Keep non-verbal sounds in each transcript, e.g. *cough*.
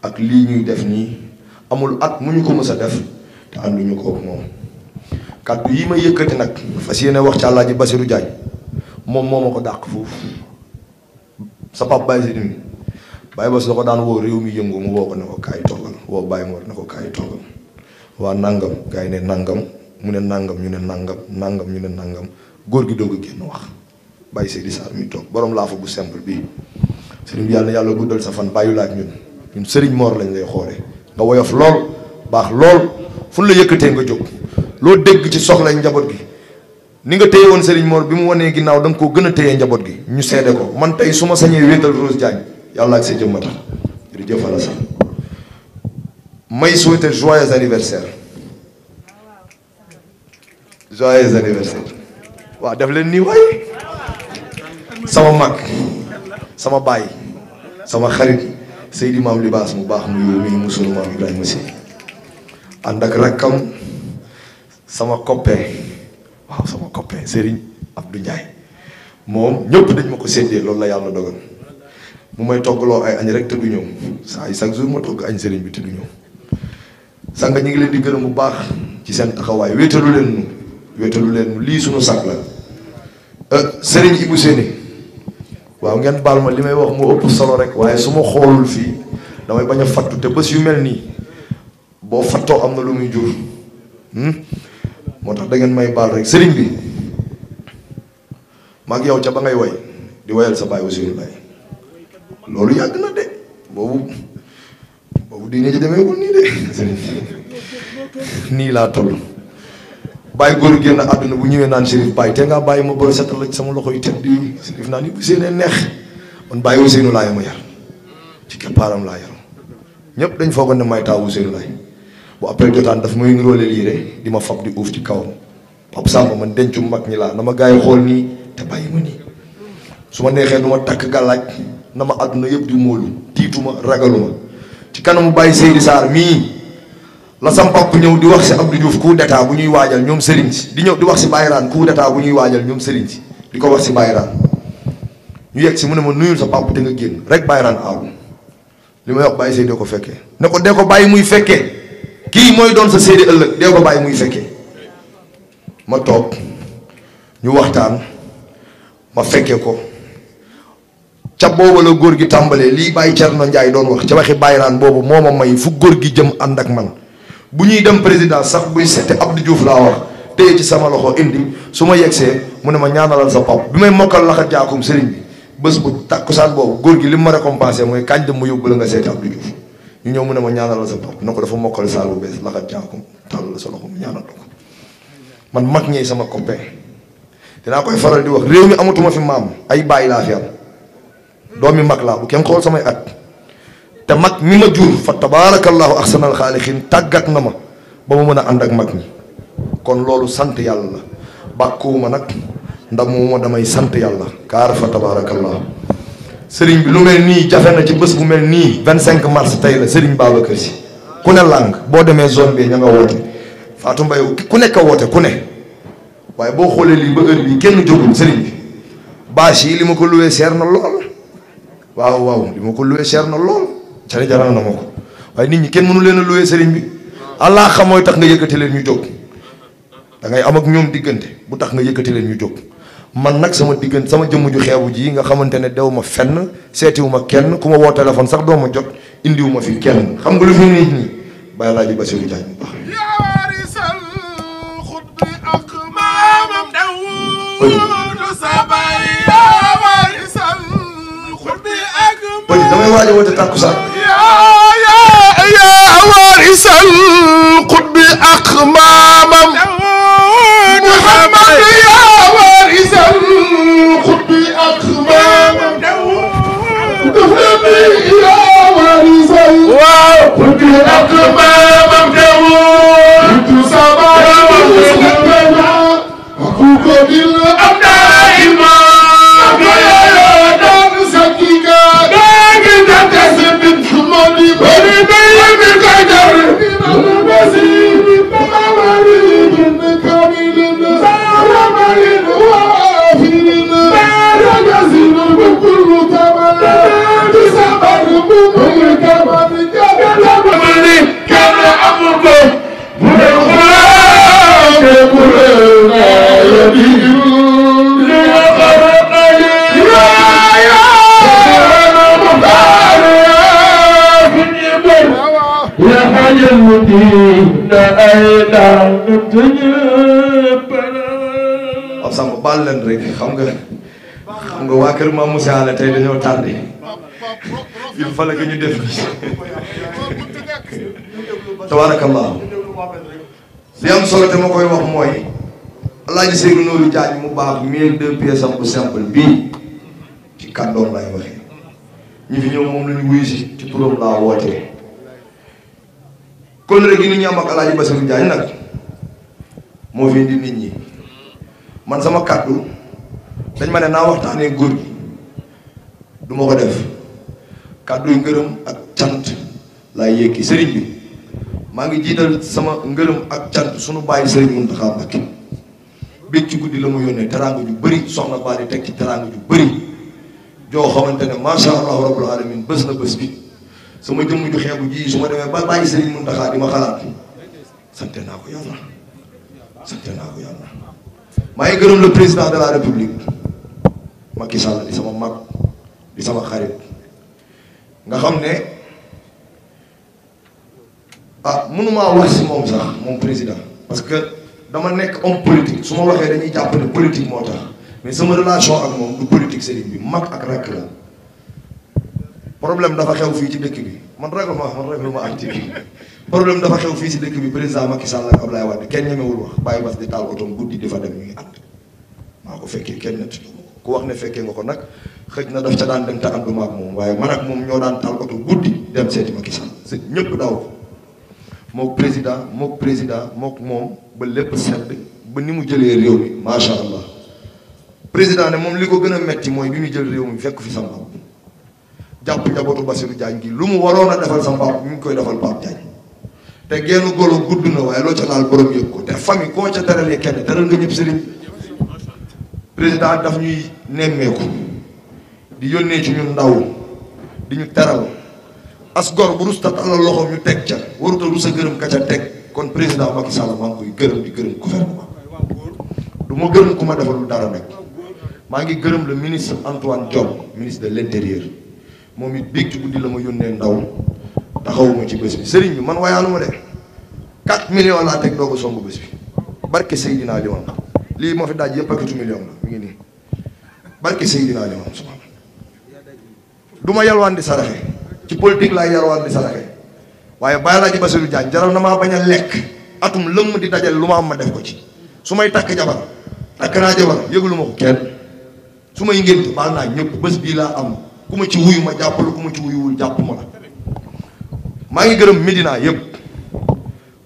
ak lii ñuy def nii amul at mu ñu ko mës a def te ànduñu ko moom kàddu yi ma yëkkati nag fas yéene wax ci Alaaji Basiru Jaañ moom moo ma ko dàq foofu sa pap Baye si nii Baye Bas la ko daan woo réew mi yëngu mu woo ko ne ko kaay toogal woo Baye Mor waa nangam gars yi ne nangam mu ne nangam ñu ne nàngam nàngam ñu ne nangam góor gi doog a génn wax Baye Seydi Sarr mi toog laa laafa bu simple bii sëriñ bi yàlla yàlla guddal sa fan bàyyi la ak ñun. ñun sëriñ Mor lañ lay xoole nga woyof lool baax lool fu la yëkkatee nga jóg loo dégg ci soxlay njaboot gi ni nga téye woon sëriñ Mor bi mu wanee ginnaaw da nga koo gën a téye njaboot gi ñu seede ko man tey su ma sañee wéetal Rose Diagne yàlla ak sa jëmmat jërëjëf Alassane may souhaiter joyeux anniversaire joyeux anniversaire waaw def leen nii waay sama mag sama baay sama xarit Seydi Maam Libaas mu baax mu yow mi mu sunu maam Ibrahima si ànd ak rakkam sama koppe waaw sama koppe Serigne du Ndiaye moom ñëpp dañ ma ko séddee loolu la yàlla dogal mu may toggaloo ay añ rek te ñëw saa yi chaque jour ma togg añ Serigne bi te du ñëw sang ñu ngi leen di gërëm bu baax ci seen taxawaay wéetalu leen nu wéetalu leen nu lii sunu sag la euh, Serigne Ibou Séné waaw ngeen baal ma li may wax moo ëpp solo rek waaye su ma xoolul fii damay bañ a fattu te bés yu mel nii boo fattoo am na lu muy jur hmm? moo tax da ngeen may baal rek sëriñ bi maag yow ca ba ngay woy di woyal sa baay Ousseynou Laye loolu yàgg na de boobu boobu diine ji demeewul nii de *laughs* nii laa toll bàyyi góor génn àdduna bu ñëwee naan Chérif bàyyi te ngaa bàyyi ma ba setal la sama loxo yi tëdd yi Chérif naan yi bu seenee neex man bàyyi Ousseynou Laye ma yar ci keppaaram laa yar ñëpp dañ foogoon ne may taawu Ousseynou Laye bu après jotaan daf may niroole lii rek di ma fab di uuf ci kawam Pape Samba man dencu mag ñi laa na ma gars xool nii te bàyyi ma nii su ma neexee du ma takk gàllaaj na ma àdduna yëpp di móolu tiituma ragaluma ci kanamu bàyyi Seydi Sarr mii la sam mbokk ñëw di wax si Abdou Diouf coup d'état bu ñuy waajal ñoom sëriñ si di ñëw di wax si Bayraan coup d'état bu ñuy waajal ñoom sëriñ si di ko wax si Bayraan ñu yegg si mu ne ma nuyul sa papa te nga génn rek Bayraan aaw li ma wax bàyyi say dee ko fekkee ne ko de ko bàyyi muy fekkee kii mooy doon sa séede ëllëg dee ko bàyyi muy fekkee ma toog ñu waxtaan ma fekkee ko ca booba la góor gi tàmbalee lii bàyyi na Njaay doon wax ca waxi Bayraan boobu moo ma may fu góor gi jëm ànd ak man bu ñuy dem président sax buy seeti Abdou juuf laa wax téye ci sama loxo indi su ma yegsee mu ne ma ñaanalal sa pap bi may mokkal laxa jaakum sëriñ bi bés bu tàkkusaan boobu góor gi li mu ma récompensé mooy kañ dem ma yóbbu la nga seet Abdou Diouf ñu ñëw mu ne ma ñaanalal sa pap na ko dafa mokkal saal bu bees laxa jaakum tàllal sa loxo mu ñaanal ko man mag ñey sama copain dinaa koy faral di wax réew mi amatuma fi maam ay bàyyi laa fi am doomi mag laa bu kenn samay at te mag mi ma jur fa tabaarakallaahu axsanal xaalixiin tàggat na ma ba mu mën a ànd ak mag ñi kon loolu sant yàlla la bàkkuwuma nag ndax moom ndamuwuma damay sant yàlla kaar fa tabaarakallaahu sëriñ bi lu mel nii jafe na ci bés bu mel nii 25 mars tey la sëriñ Babacar Si ku ne làng boo demee zone bi ña nga woote Fatou Mbaye ku nekk woote ku ne waaye boo xoolee lii ba heure bi kenn jógul sëriñ bi bâche yi li ma ko luwee seer na lool waaw waaw li ma ko luwee seer na lool cere jaral na ma ko waaye nit ñi kenn mënu leen a loué sëriñ bi allah xam tax nga yëkkati leen ñu jóg da am ak ñoom diggante bu tax nga yëkkati leen ñu jóg man nag sama diggante sama jëmm ju xeebu ji nga xamante ne dew ma fenn seetiwu ma kenn ku ma woo téléphone sax doo ma jot indiwu ma fi kenn xam nga lu fi nit ñi bàyyi laa ji Basiru Jaañ bu baax damay waaj a woote tàkkusaan يا يا وارث القطب أقمامم xam nga xam nga waa kër Mame Moussa la tey dañoo tardé il fallait que ñu def tabaarakallah li am solo te ma koy wax mooy Alaaji Seydou Nourou Diagne mu baax mille deux pièces am bu simple bii ci kàddoom lay waxee ñi fi ñëw moom lañu wuyu si ci turam laa wootee kon rek gi ni ñu am ak Alaaji Bassirou Diagne nag moo fi indi nit ñi man sama kàddu dañ ma ne naa waxtaanee góor gi du ma ko def kàdduy ngërëm ak cant laay yëkki sëriñ bi maa ngi jiital sama ngërëm ak cant suñu bàyyi sëriñ Mountakha Mbacké ci guddi la mu yónnee teraanga ju bëri soxna baa di teg ci teraanga ju bëri joo xamante ne macha allahu rabbul alamin bés na bés bi sama jëmm ju xeebu ji su ma demee ba bàyyi sëriñ Mountakha di ma xalaat sante naa ko yàlla sante naa ko yàlla maa ngi gërëm le président de la république Macky Sall di sama mag di sama xarit xam ne ah mënumaa wax si moom sax parce que dama nekk homme politique su ma waxee dañuy jàpp ne politique moo tax mais ak moom du politique mag ak rakk la problème dafa xew fii ci dëkk bi man ragal ma man ragal ma am ci problème dafa xew fii ci dëkk bi président Macky Sall ak Abdoulaye Wade kenn ñemewul wax bàyyi bas di taal otoom guddi di fa dem ñuy ànd maa ko fekkee kenn nett ku wax ne fekkee nga ko nag xëj na daf ca daan dem te ànduma ak moom waaye man ak moom ñoo daan taal oto guddi dem seeti Macky Sall ñëpp daaw ko mook président mook président mook moom ba lépp sedd ba ni mu jëlee réew mi macha allah président ne moom li ko gën a metti mooy bi mu jël réew mi fekk fi sama bopp jàpp njabootu Bassirou Diagne gi lu mu waroon a defal sa bopp mi ngi koy defal Pape Diagne te genn golo gudd na waaye loo ca laal borom yëg ko te famille koo président daf ñuy nemmeeku di yónnee ci ñu ndaw di ñu teral as gor bu rus tàllal loxo ñu teg ca warut a rus a gërëm ka ca teg kon président Macky Sall maa ngi koy gërëm di gërëm gouvernement du ma gërëm ku ma defalul dara nag maa ngi gërëm la ministre Antoine Diome ministre de l' intérieur moom it biig ci guddi la ma yónnee ndaw taxawuma ci bés bi sëriñ bi man wayaanuma de 4 millions laa teg doo ko songu bés bi barke Seydina Limamou. lii moo fi daaj yëpp paquetu million la mi ngi nii barke Seydina Limaamu subhaana du ma yalwaan di saraxe ci politique laay yalwaan di saraxe waaye bàyyi laa ji Basiru Jaañ jaral na maa bañ a lekk atum lëmm di dajal lu ma am ma def ko ci su may takk jabar takk naa jabar yëgulu ma ko kenn su may ngénte baal naa ñëpp bés bii laa am ku ma ci wuyu ma jàpp la ku ma ci wuyuwul jàpp ma la maa ngi gërëm Médina yëpp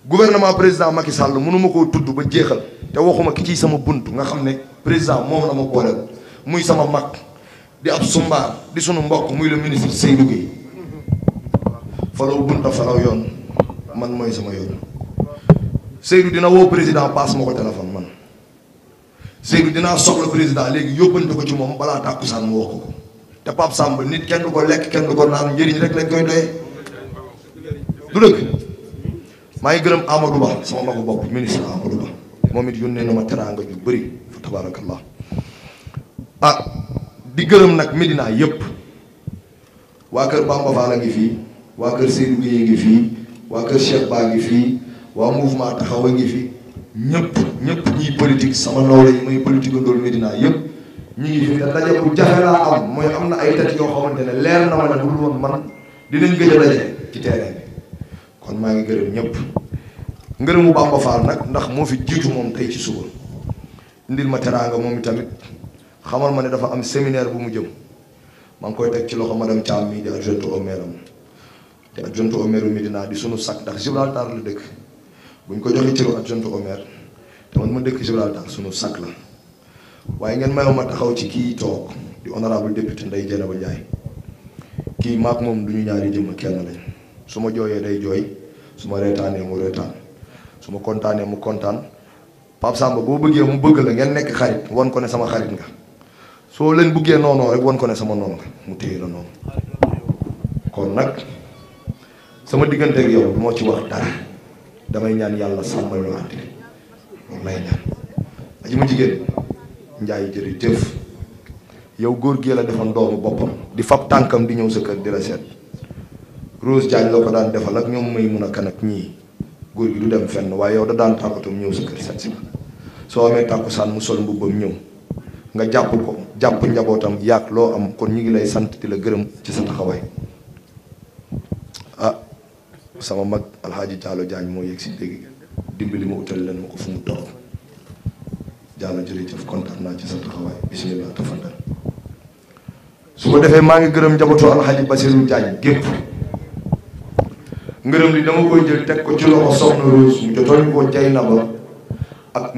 gouvernement président Macky Sall mënu ma koo tudd ba jeexal te waxuma ki ci sama bunt nga xam ne président moom la ma booleel muy sama mag di ab sumbaar di sunu mbokk muy la ministre Seydou Guèye falaw bunta falaw yoon man mooy sama yoon Seydou dina woo président paas ma ko téléphone man Seydou dinaa soxla président léegi yóbbante ko ci moom balaa tàkkusaan mu wax ko te Pape Samba nit kenn du ko lekk kenn du ko naan njëriñ rek lañ koy doyee du dëgg maa ngi gërëm Amadou Ba sama magu bopp ministre Amadou Ba moom it yónnee na ma teraanga ju bëri fa tabaarakallah ah di gërëm nag Medina yëpp waa kër Bamba ngi fii waa kër Seydou Guèye ngi fii waa kër Cheikh Ba ngi fii waa mouvement taxawa ngi fi ñëpp ñëpp ñiy politique sama nawle yi may politique ndool Medina yëpp ñu ngi fi daje bu jafe laa am mooy am na ay tet yoo xamante ne leer na ma ne bu dul man dinañ gëj a daje ci terrain bi kon maa ngi gërëm ñëpp ngërëmu Bamba Fall nag ndax moo fi jiitu moom tey ci suba indil ma teraanga moom itamit xamal ma ne dafa am séminaire bu mu jëm maa ngi koy teg ci loxo ma Thiam mii di adjointe am te adjointe au maire Médina di sunu sac ndax Gibraltar la dëkk bu ko joxee cëru adjointe au maire te man ma dëkk Gibraltar sunu sac la waaye ngeen mayoo ma taxaw ci kii toog di honorable député nday Dieynaba Ndiaye kii maak moom du ñu ñaari jëmm kenn lañ su ma jooyee day jooy su ma reetaanee mu reetaan su ma kontaanee mu kontaan Pape Samba boo bëggee mu bëgg la ngeen nekk xarit wan ko ne sama xarit nga soo leen bëggee noonoo rek wan ko ne sama noonu nga mu téye la noonu kon nag sama diggante ak yow du ma ci wax dara damay ñaan yàlla sàmmal ma àtte moom lay ñaan aji mu jigéen njaay jërëjëf yow góor gi la defoon doomu boppam di fab tànkam di ñëw sa kër di la seet Rose Diagne la ko daan defal ak ñoom may mun a kan ak ñii góor gi du dem fenn waaye yow da daan tàggatam ñëw sa kër set si soo amee tàkkusaan mu sol mbubbam ñëw nga jàpp ko jàpp njabootam yàgg loo am kon ñu ngi lay sant di la gërëm ci sa taxawaay ah sama mag alxaaji Diallo Diagne moo yegg si dégg dimbali ma utal ko fu mu toog Diallo jërëjëf kontaan naa ci sa taxawaay bismillah su ko defee maa ngi gërëm njabootu alxaaji Basiru Diagne gépp ngërëm li dama koy jël teg ko ci loxo soxna Rose mu na ba ak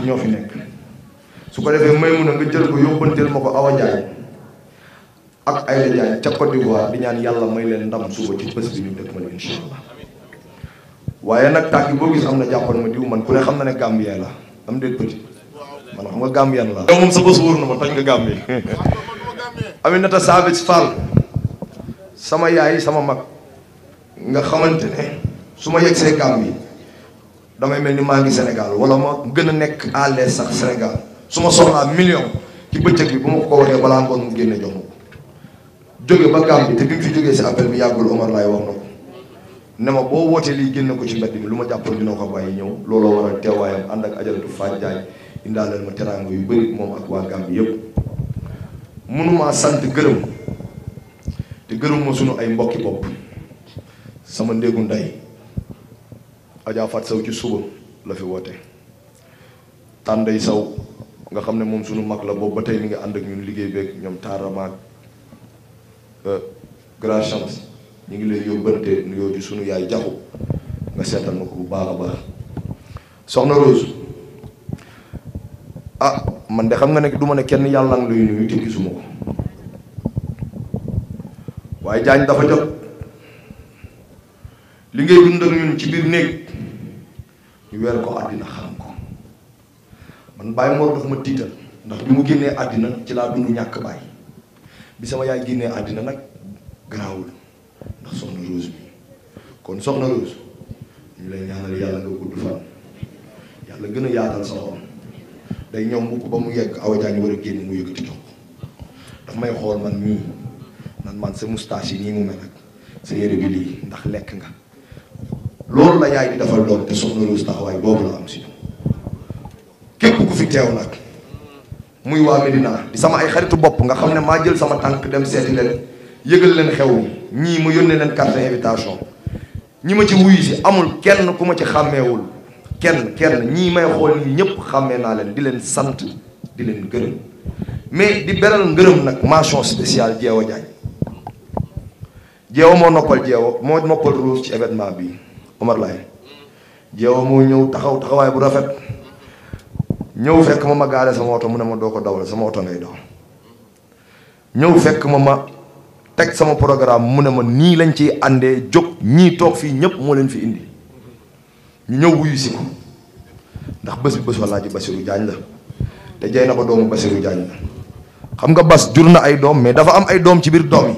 ñoo fi nekk su ko defee nga jël ko yóbbanteel ma ko Awa Njaay ak Ayda Njaay ca Côte d'Ivoire di ñaan yàlla may leen ndam suba ci bés bi ñu dëkk ma ne incha allah waaye nag tàkk yi boo gis am na jàppoon ma diw man ku ne xam na ne Gambien la am déet petit man xam nga Gambien la yow moom sa bés wóor ma tañ nga Gambie *laughs* Aminata Savage Fall sama yaay sama mag nga xamante ne su ma yegsee Gàmbi damay mel ni maa ngi Sénégal wala ma gën a nekk à l'aise sax Sénégal su ma soxlaa million ci bëccëg bi bu ma ko waxee balaa ngoon mu génne jox ma ko jóge ba Gàmbi te bi mu jógee si appel bi yàggul Omar laay wax na ko ne ma boo wootee lii génn ko ci mbedd mi lu ma jàppoon dina ko bàyyi ñëw looloo waral teewaayam ànd ak ajaratu Faaj Jaay indaaleel ma teraanga yu bëri moom ak waa Gàmbi yëpp mënumaa sant gërëm te gërëm ma sunu ay mbokki bopp sama ndéegu ndey Adja Fat Sow ci suba la fi woote tànday saw nga xam ne moom sunu mag la boobu ba tey mi ngi ànd ak ñun liggéey beeg ñoom taaramaag euh, grand chance ñu ngi lay yóbbante nuyoo ci sunu yaay jaxu nga seetal ma ko bu baax a baax soxna Rose ah man de xam nga ne du ma ne kenn yàlla ngi lay nuyu te ko waaye jaañ dafa jot li ngay dund ñun ci biir néeg ñu weer ko àddina xam ko man bàyyi moo dafa ma tiital ndax bi mu génnee àddina ci laa dund ñàkk bàyyi bi sama yaay génnee àddina nag garaawul ndax soxna Rose bi kon soxna Rose ñu lay ñaanal yàlla nga gudd fan yàlla gën a yaatal sa xol day ñoom bu ko ba mu yegg awa jaañ war a génn mu yëkkati jox ko daf may xool man mii nan man sa moustache yi nii mu mel nag sa yére bi lii ndax lekk nga loolu la yaay di defal doon te soxna Rose taxawaay boobu la am si képp ku fi teew nag muy waa Medina di sama ay xaritu bopp nga xam ne maa jël sama tànk dem seeti leen yëgal leen xew ñii ma yónnee leen carte invitation ñi ma ci wuyu si amul kenn ku ma ci xàmmeewul kenn kenn ñii may xool ñi ñëpp xàmmee naa leen di leen sant di leen gërëm mais di beral ngërëm nag mention spéciale Jeewa jeewo moo noppal jeewo moo noppal ruus ci événement bi Omar Laye jeewo moo ñëw taxaw taxawaay bu rafet ñëw fekk ma ma gaare sama oto mu ne ma doo ko dawal sama oto ngay daw ñëw fekk ma ma teg sama programme mu ne ma nii lañ ci àndee jóg ñii toog fii ñëpp moo leen fi indi ñu ñëw wuyu si ko ndax bés bi bés walla ji Basirou jaañ la te jay na ko doomu Basirou Diagne la xam nga bas jur na ay doom mais dafa am ay doom ci biir doom yi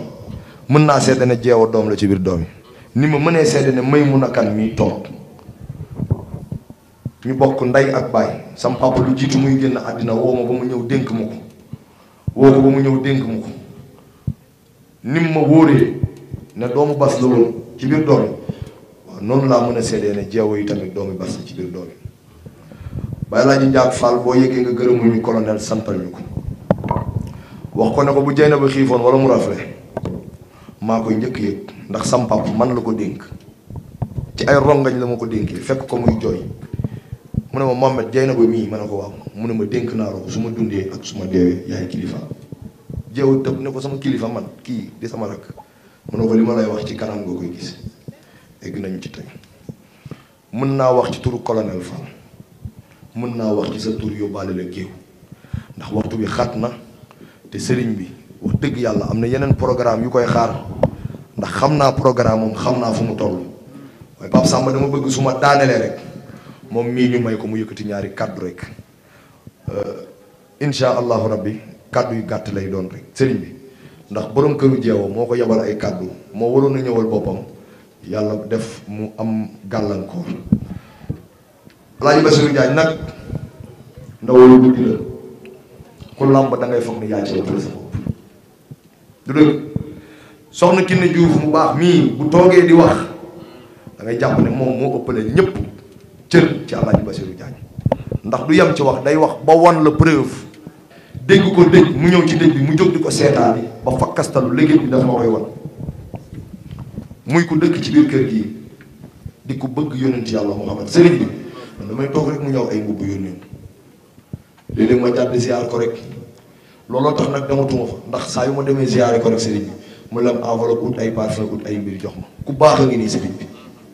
mën naa seede ne jeewa doom la ci biir doom yi ni ma mënee seede ne may mun a kan mii toog ñu bokk ndey ak baay sam papa lu jiitu muy génn àddina woo ma ba mu ñëw dénk ma ko woo ko ba mu ñëw dénk mu ko nim ma wóoree ne doomu bas la woon ci biir doom yi waaw noonu laa mën a seedee ne jeewo yi tamit doomu bas la ci biir doom yi bàyyi laa ji njaag Fall boo yëgee nga gërëmu ñu colonel santal ko wax ko ne ko bu jey na ba xiifoon wala mu rafle maa koy njëkk yëg ndax sam papa man la ko dénk ci ay rongañ la ma ko dénkee fekk ko muy jooy mu ne ma Mohamed jay na ba mii man ne ko waaw mu ne ma dénk naa la su ma dundee ak suma ma deewee yaay kilifa jeew tëb ne ko sama kilifa man kii di sama lakk mu ne ko li ma lay wax ci kanam nga koy gis egg nañu ci tey mën naa wax ci turu colonel Fall mën naa wax ci sa tur yóbbaale la géew ndax waxtu bi xat na te sëriñ bi wax dëgg yàlla am na yeneen programme yu koy xaar ndax xam naa programme moom xam naa fu mu toll waaye Pape Samba dama bëgg suma ma rek moom mii ñu may ko mu yëkkati ñaari kàddu rek euh, incha allahu rabbi kàddu yu gàtt lay doon rek sëriñ bi ndax borom këru jeewoo moo ko yebal ay kàddu moo waroon a ñëwal boppam yàlla def mu am gàllankoor Alaaji Basiru Jaañ nag ndaw lu guddi la ku làmb da ngay foog ni yaa ci sa bopp du dëgg soxna Kiné Diouf mu baax mii bu toogee di wax dangay ngay jàpp ne moom moo ëppale ñépp cër ci Alaaji Basiru Jaañ ndax du yam ci wax day wax ba wan la preuve dégg ko dëj mu ñëw ci dëj bi mu jóg di ko seetaani ba fakkastalu léegi bi dafa ma koy wan muy ko dëkk ci biir kër gi di ko bëgg yonent yàlla Muhammad sëriñ bi man damay toog rek mu ñëw ay mbubb yónneen léeg-léeg ma jàdd ziar ko rek looloo tax nag dematuma fa ndax saa yu ma demee ziyaare ko rek sëriñ bi mu lam enveloppe ut ay parfum ut ay mbir jox ma ku baax a ngi nii sëriñ bi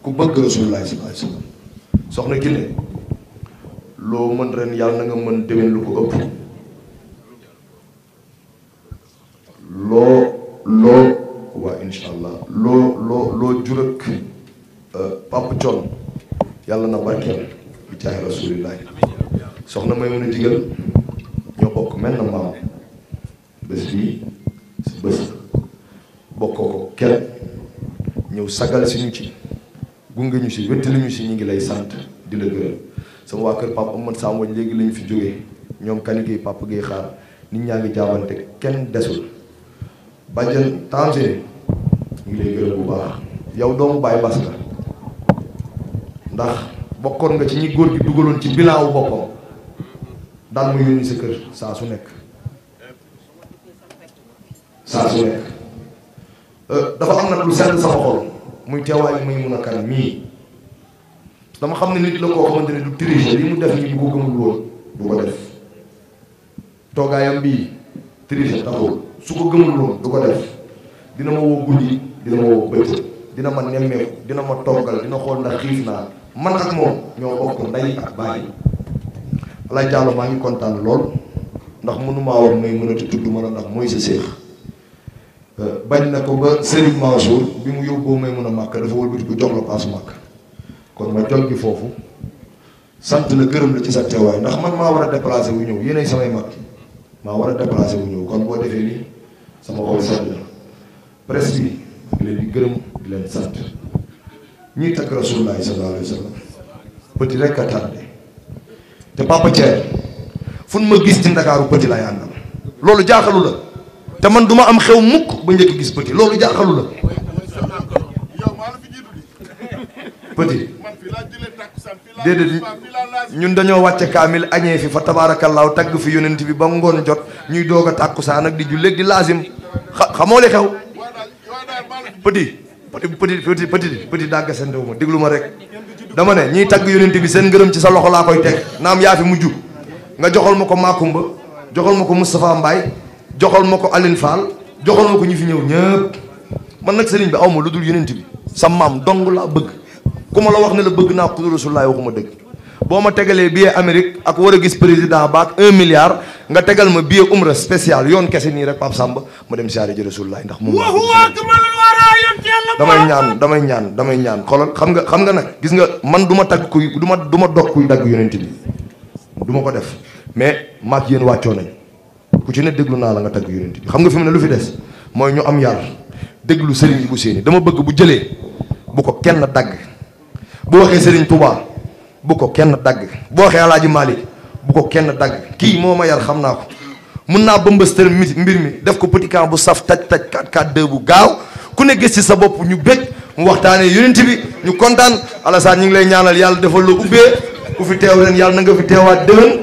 ku bëgg rasulullah sallallahu alayhi wasallam soxna loo mën ren yàlla na nga mën déwén lu ko ëpp loo allah loo loo loo jurëk euh, yàlla na barkeel may mën a digal ñoo bokk mel na maam bés bii bés bokkoo ko kenn ñëw sagal si ñu ci gunge ñu si wéttali ñu si ñu ngi lay sant di la gërëm sama waa kër Pape Amady Samb wañ léegi lañu fi jóge ñoom kan gi xaar nit ñaa ngi jaabante kenn desul bàjjen Tamsir ñu ngi lay gërëm bu baax yow doomu Baye Bass ndax bokkoon nga ci ñi góor gi dugaloon ci bilan wu boppam daan mu yónni sa kër saa su nekk. saa su nekk euh, dafa am nag lu sell sama xol muy teewaay muy mun a kan mii dama xam ne nit la koo xamante ne du tricher li mu def nii bu ko gëmul woon du ko def toogaayam bii tricher taxul su ko gëmul woon du ko def dina ma woo guddi dina ma woo bëccëg dina ma nemmeeku dina ma toggal dina xool ndax xiif naa man ak moom ñoo bokk ndey ak bàyyi Alaaji Diallo maa ngi kontaan lool ndax mënumaa wax may mën a tudd mën a ndax mooy sa séex bañ na ko ba Serigne Mansour bi mu yóbboo may mën a màkk dafa wëlbati ko jox la paas màkk kon ma jon gi foofu sant la gërëm la ci sa teewaay ndax man maa war a déplacé wu ñëw yéenay samay mag maa war a déplacé wu ñëw kon boo defee nii sama xol sedd na presse bi di leen di gërëm di leen sant ñuy takk rasulullahi sallallahu alayhi wa sallam a tardé te papa Thier fu nu ma gis ci ndakaaru petit lay àndal loolu jaaxalu la. te man du ma am xew mukk ba njëkk gis petit loolu jaaxalu la petit déedéet ñun dañoo wàcce kaamil añee fi fa tabaarakallaahu tagg fi yonent bi ba ngoon jot ñuy doog a tàkkusaan nag di julleeg di laasim xa xamoo li xew petit petit petit petit petit dàgg seen ma déglu ma rek dama ne ñuy tagg yonent bi seen ngërëm ci sa loxo laa koy teg naam yaa fi mujj nga joxal ma ko Makumba joxal ma ko Moustapha Mbaye joxal ma ko Aline Fall joxal ma ko ñi fi ñëw ñëpp man nag sëriñ bi aw ma lu dul yonent bi sa maam dong laa bëgg ku ma la wax ne la bëgg naa ko Rasulullaah waxuma dëgg boo ma tegalee billet Amérique ak war a gis président baak un milliard nga tegal ma billet umra spécial yoon kese nii rek Pape Samba ma dem siyaare ji Rasulullaah ndax moom damay ñaan damay ñaan damay ñaan xoolal xam nga xam nga nag gis nga man du ma tagg kuy du ma du ma dog kuy dagg yonent bi du ma ko def mais maak yéen wàccoo nañ ku ci ne déglu naa la nga tagg yonent bi xam nga fi mu ne lu fi des mooy ñu am yar déglu sëriñ bu séeni dama bëgg bu jëlee bu ko kenn dagg bu waxee sëriñ Touba bu ko kenn dagg bu waxee alaaji Malick bu ko kenn dagg kii moo ma yar xam naa ko mun naa bëmbastër mbir mi def ko petit bu saf taj taj 442 bu gaaw ku ne gis ci sa bopp ñu bég mu waxtaanee yonent bi ñu kontaan Alassane ñu ngi lay ñaanal yàlla defal la ubbee ku fi teew ren yàlla na fi teewaat déwén